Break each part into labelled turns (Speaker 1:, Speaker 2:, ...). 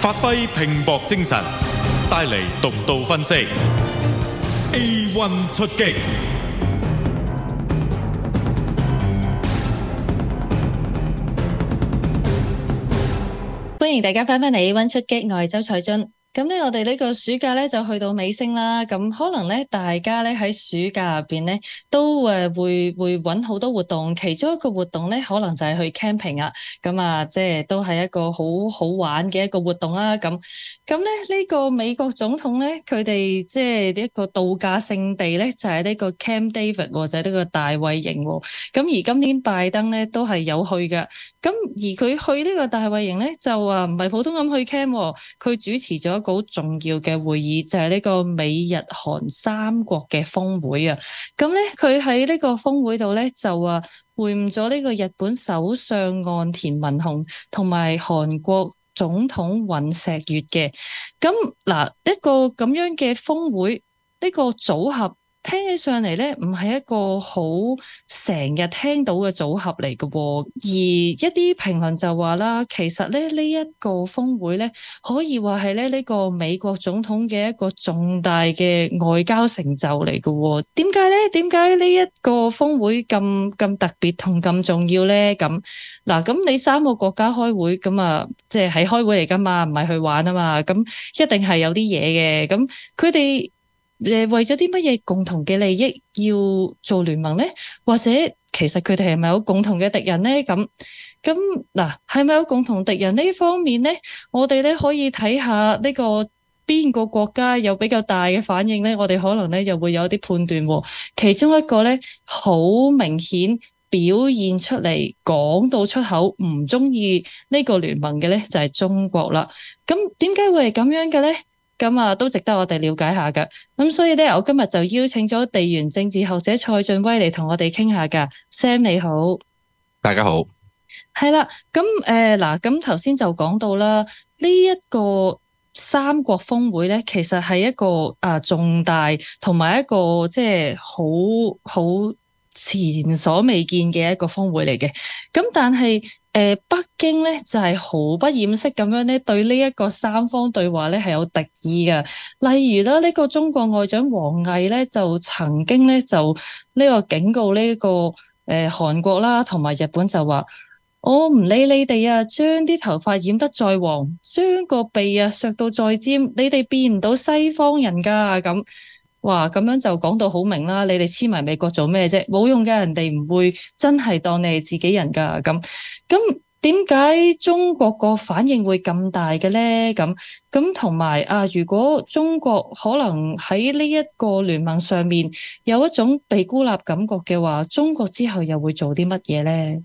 Speaker 1: 發揮拼搏精神，帶嚟獨到分析。A one 出擊，
Speaker 2: 歡迎大家翻返嚟 A one 出擊，我係周采蓁。咁咧，我哋呢個暑假咧就去到尾聲啦。咁、嗯、可能咧，大家咧喺暑假入邊咧都誒、呃、會會揾好多活動。其中一個活動咧，可能就係去 camping 啊。咁、嗯、啊，即係都係一個好好玩嘅一個活動啦、啊。咁咁咧，呢、嗯嗯這個美國總統咧，佢哋即係一個度假勝地咧，就係、是、呢個 Camp David，、哦、就係、是、呢個大衛營、哦。咁而今年拜登咧都係有去㗎。咁、嗯、而佢去呢個大衛營咧，就話唔係普通咁去 camp，佢、哦、主持咗一個好重要嘅會議就係、是、呢個美日韓三國嘅峰會啊！咁、嗯、咧，佢喺呢個峰會度咧就話會晤咗呢個日本首相岸田文雄同埋韓國總統尹錫悅嘅。咁嗱一個咁樣嘅峰會，呢、這個組合。聽起上嚟咧，唔係一個好成日聽到嘅組合嚟嘅喎，而一啲評論就話啦，其實咧，呢一個峰會咧，可以話係咧，呢個美國總統嘅一個重大嘅外交成就嚟嘅喎。點解咧？點解呢一個峰會咁咁特別同咁重要咧？咁嗱，咁你三個國家開會，咁啊，即係喺開會嚟噶嘛，唔係去玩啊嘛，咁一定係有啲嘢嘅。咁佢哋。誒，為咗啲乜嘢共同嘅利益要做聯盟呢？或者其實佢哋係咪有共同嘅敵人呢？咁咁嗱，係咪有共同敵人呢方面呢，我哋咧可以睇下呢個邊個國家有比較大嘅反應呢？我哋可能咧又會有啲判斷喎。其中一個咧好明顯表現出嚟，講到出口唔中意呢個聯盟嘅咧，就係中國啦。咁點解會係咁樣嘅咧？咁啊，都值得我哋了解下嘅。咁所以咧，我今日就邀請咗地緣政治學者蔡俊威嚟同我哋傾下噶。Sam 你好，
Speaker 1: 大家好。
Speaker 2: 係啦，咁誒嗱，咁頭先就講到啦，呢一個三國峰會咧，其實係一個啊重大同埋一個即係好好前所未見嘅一個峰會嚟嘅。咁但係。呃、北京咧就係、是、毫不掩飾咁樣咧，對呢一個三方對話咧係有敵意嘅。例如啦，呢、這個中國外長王毅咧就曾經咧就呢個警告呢、這個誒、呃、韓國啦同埋日本就話：我唔理你哋啊，將啲頭髮染得再黃，將個鼻啊削到再尖，你哋變唔到西方人噶咁。話，咁樣就講到好明啦！你哋黐埋美國做咩啫？冇用嘅，人哋唔會真係當你係自己人㗎。咁咁點解中國個反應會咁大嘅咧？咁咁同埋啊，如果中國可能喺呢一個聯盟上面有一種被孤立感覺嘅話，中國之後又會做啲乜嘢咧？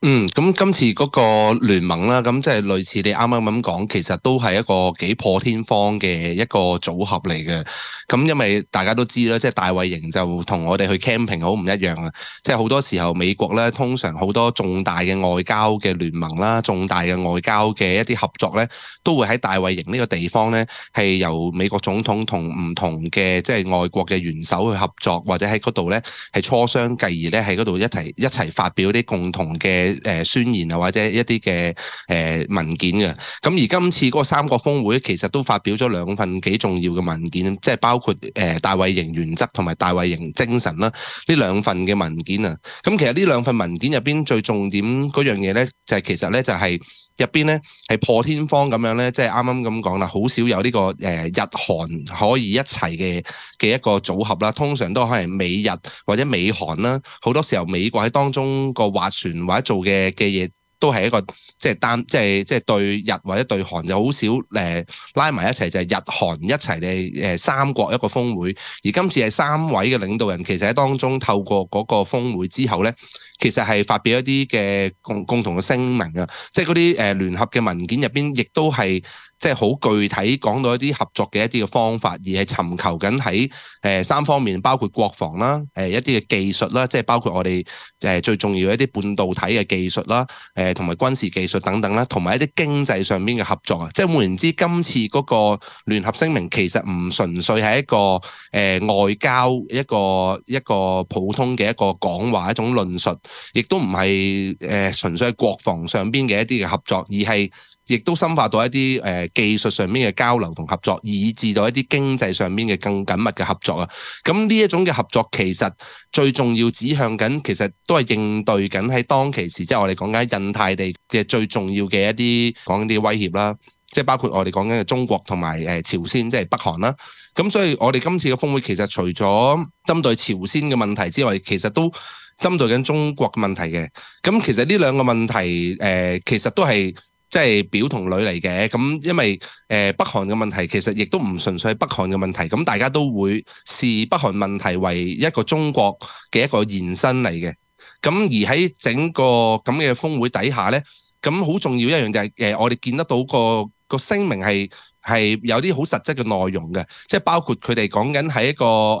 Speaker 1: 嗯，咁今次嗰個聯盟啦，咁即係類似你啱啱咁講，其實都係一個幾破天荒嘅一個組合嚟嘅。咁因為大家都知啦，即係大衛營就同我哋去 camping 好唔一樣啊。即係好多時候美國咧，通常好多重大嘅外交嘅聯盟啦，重大嘅外交嘅一啲合作咧，都會喺大衛營呢個地方咧，係由美國總統同唔同嘅即係外國嘅元首去合作，或者喺嗰度咧係磋商，繼而咧喺嗰度一齊一齊發表啲共同嘅。誒、呃，宣言啊，或者一啲嘅誒文件嘅，咁而今次嗰個三國峰會其實都發表咗兩份幾重要嘅文件，即係包括誒、呃、大衛營原則同埋大衛營精神啦，呢兩份嘅文件啊，咁其、就是、其實呢兩份文件入邊最重點嗰樣嘢咧，就係其實咧就係。入邊咧係破天荒咁樣咧，即係啱啱咁講啦，好少有呢、這個誒、呃、日韓可以一齊嘅嘅一個組合啦。通常都係美日或者美韓啦，好多時候美國喺當中個划船或者做嘅嘅嘢都係一個即係、就是、單即係即係對日或者對韓就好少誒、呃、拉埋一齊就係、是、日韓一齊嚟。誒、呃、三國一個峰會。而今次係三位嘅領導人，其實喺當中透過嗰個峰會之後咧。其實係發表一啲嘅共共同嘅聲明啊，即係嗰啲誒聯合嘅文件入邊，亦都係即係好具體講到一啲合作嘅一啲嘅方法，而係尋求緊喺誒三方面，包括國防啦、誒、呃、一啲嘅技術啦，即係包括我哋誒、呃、最重要嘅一啲半導體嘅技術啦、誒同埋軍事技術等等啦，同埋一啲經濟上面嘅合作啊，即係換言之，今次嗰個聯合聲明其實唔純粹係一個誒、呃、外交一個一個，一個普通嘅一個講話一種論述。亦都唔係誒純粹係國防上邊嘅一啲嘅合作，而係亦都深化到一啲誒技術上邊嘅交流同合作，以至到一啲經濟上邊嘅更緊密嘅合作啊！咁呢一種嘅合作其實最重要指向緊，其實都係應對緊喺當其時，即係我哋講緊印太地嘅最重要嘅一啲講緊啲威脅啦，即係包括我哋講緊嘅中國同埋誒朝鮮，即係北韓啦。咁所以我哋今次嘅峰會其實除咗針對朝鮮嘅問題之外，其實都針對緊中國嘅問題嘅，咁其實呢兩個問題，誒、呃，其實都係即係表同裏嚟嘅。咁因為誒北韓嘅問、問題，其實亦都唔純粹係北韓嘅問題，咁大家都會視北韓問題為一個中國嘅一個延伸嚟嘅。咁而喺整個咁嘅峰會底下呢，咁好重要一樣就係誒，我哋見得到個個聲明係。係有啲好實質嘅內容嘅，即係包括佢哋講緊喺一個誒喺、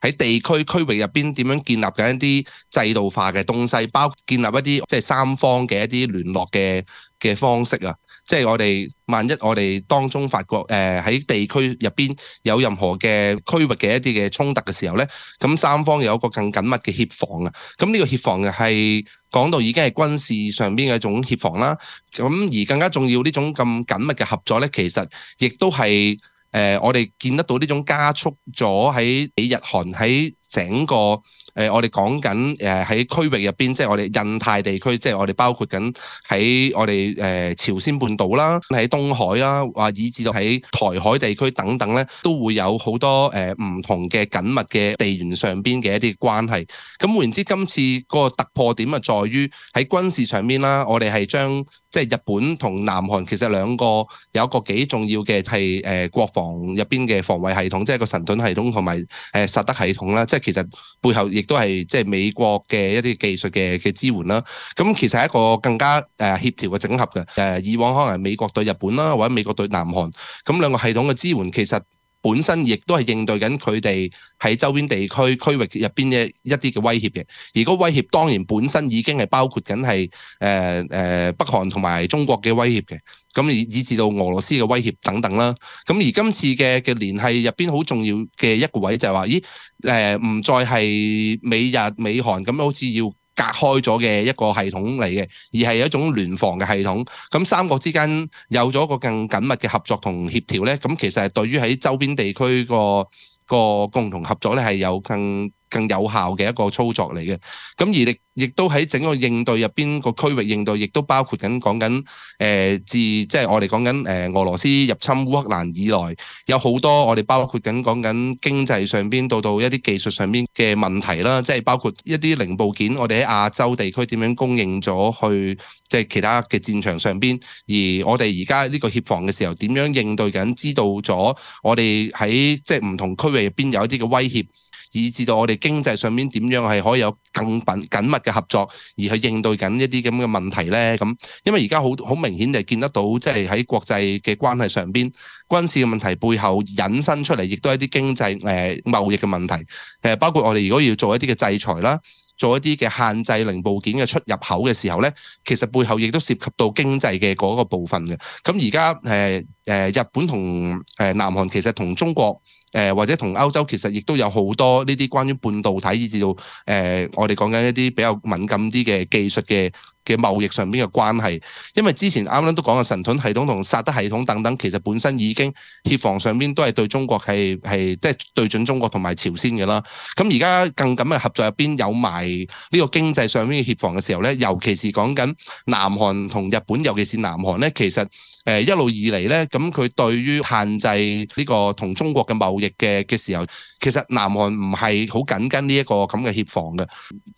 Speaker 1: 呃、地區區域入邊點樣建立緊一啲制度化嘅東西，包括建立一啲即係三方嘅一啲聯絡嘅。嘅方式啊，即係我哋萬一我哋當中發覺誒喺地區入邊有任何嘅區域嘅一啲嘅衝突嘅時候咧，咁三方有一個更緊密嘅協防啊。咁呢個協防係講到已經係軍事上邊嘅一種協防啦、啊。咁而更加重要呢種咁緊密嘅合作咧，其實亦都係誒我哋見得到呢種加速咗喺日韓喺整個。誒、呃，我哋講緊誒喺區域入邊，即係我哋印太地區，即係我哋包括緊喺我哋誒、呃、朝鮮半島啦，喺東海啦，話、啊、以至到喺台海地區等等咧，都會有好多誒、呃、唔同嘅緊密嘅地緣上邊嘅一啲關係。咁換言之，今次個突破點啊，在於喺軍事上邊啦，我哋係將即係日本同南韓其實兩個有一個幾重要嘅係誒國防入邊嘅防衛系統，即係個神盾系統同埋誒薩德系統啦。即係其實背後亦都係即係美國嘅一啲技術嘅嘅支援啦，咁其實係一個更加誒協調嘅整合嘅，誒以往可能係美國對日本啦，或者美國對南韓，咁兩個系統嘅支援其實。本身亦都係應對緊佢哋喺周邊地區區域入邊嘅一啲嘅威脅嘅，而個威脅當然本身已經係包括緊係誒誒北韓同埋中國嘅威脅嘅，咁以以至到俄羅斯嘅威脅等等啦。咁而今次嘅嘅聯繫入邊好重要嘅一個位就係話咦誒唔再係美日美韓咁，好似要。隔開咗嘅一個系統嚟嘅，而係一種聯防嘅系統。咁三國之間有咗個更緊密嘅合作同協調呢，咁其實對於喺周邊地區個個共同合作呢，係有更。更有效嘅一個操作嚟嘅，咁而亦都喺整個應對入邊個區域應對亦都包括緊講緊誒自即係我哋講緊誒俄羅斯入侵烏克蘭以來有好多我哋包括緊講緊經濟上邊到到一啲技術上邊嘅問題啦，即係包括一啲零部件，我哋喺亞洲地區點樣供應咗去即係其他嘅戰場上邊，而我哋而家呢個協防嘅時候點樣應對緊知道咗我哋喺即係唔同區域入邊有一啲嘅威脅。以至到我哋經濟上面點樣係可以有更緊密嘅合作，而去應對緊一啲咁嘅問題呢？咁、嗯、因為而家好好明顯就見得到，即係喺國際嘅關係上邊，軍事嘅問題背後引申出嚟，亦都係一啲經濟誒貿易嘅問題。誒、呃、包括我哋如果要做一啲嘅制裁啦，做一啲嘅限制零部件嘅出入口嘅時候呢，其實背後亦都涉及到經濟嘅嗰個部分嘅。咁而家誒誒日本同誒、呃、南韓其實同中國。誒、呃、或者同歐洲其實亦都有好多呢啲關於半導體，以至到誒、呃、我哋講緊一啲比較敏感啲嘅技術嘅嘅貿易上邊嘅關係，因為之前啱啱都講嘅神盾系統同薩德系統等等，其實本身已經協防上邊都係對中國係係即係對準中國同埋朝鮮嘅啦。咁而家更緊嘅合作入邊有埋呢個經濟上邊嘅協防嘅時候咧，尤其是講緊南韓同日本，尤其是南韓咧，其實誒一路以嚟咧，咁佢對於限制呢個同中國嘅貿易嘅嘅時候，其實南韓唔係好緊跟呢一個咁嘅協防嘅。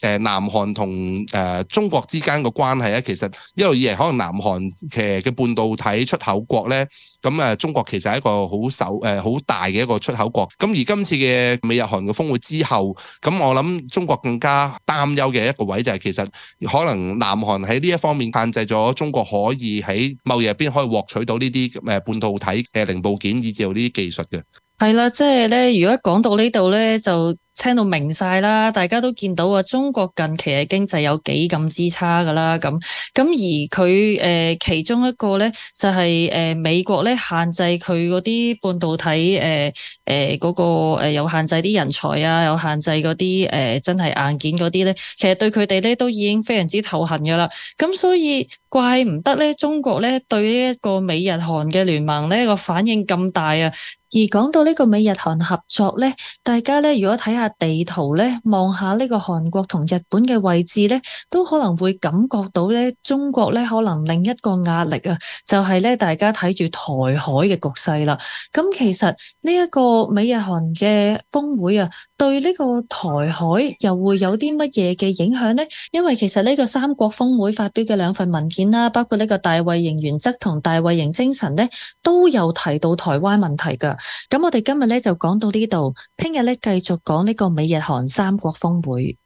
Speaker 1: 誒南韓同誒中國之間個。關係咧，其實一路以嚟可能南韓嘅嘅半導體出口國咧，咁誒中國其實係一個好受誒好大嘅一個出口國。咁而今次嘅美日韓嘅峰會之後，咁我諗中國更加擔憂嘅一個位就係、是、其實可能南韓喺呢一方面限制咗中國可以喺貿易入邊可以獲取到呢啲誒半導體嘅零部件以至有呢啲技術嘅。
Speaker 2: 係啦，即係咧，如果講到呢度咧，就。聽到明晒啦，大家都見到啊，中國近期嘅經濟有幾咁之差噶啦，咁咁而佢誒、呃、其中一個咧就係、是、誒、呃、美國咧限制佢嗰啲半導體誒誒嗰個有限制啲人才啊，有限制嗰啲誒真係硬件嗰啲咧，其實對佢哋咧都已經非常之頭痕噶啦。咁所以怪唔得咧，中國咧對呢一個美日韓嘅聯盟咧個反應咁大啊。而講到呢個美日韓合作咧，大家咧如果睇下，地圖咧望下呢看看個韓國同日本嘅位置咧，都可能會感覺到咧中國咧可能另一個壓力啊，就係、是、咧大家睇住台海嘅局勢啦。咁、嗯、其實呢一個美日韓嘅峰會啊，對呢個台海又會有啲乜嘢嘅影響呢？因為其實呢個三國峰會發表嘅兩份文件啦、啊，包括呢個大衛營原則同大衛營精神咧，都有提到台灣問題噶。咁、嗯、我哋今日咧就講到呢度，聽日咧繼續講呢。一個美日韓三國峰會。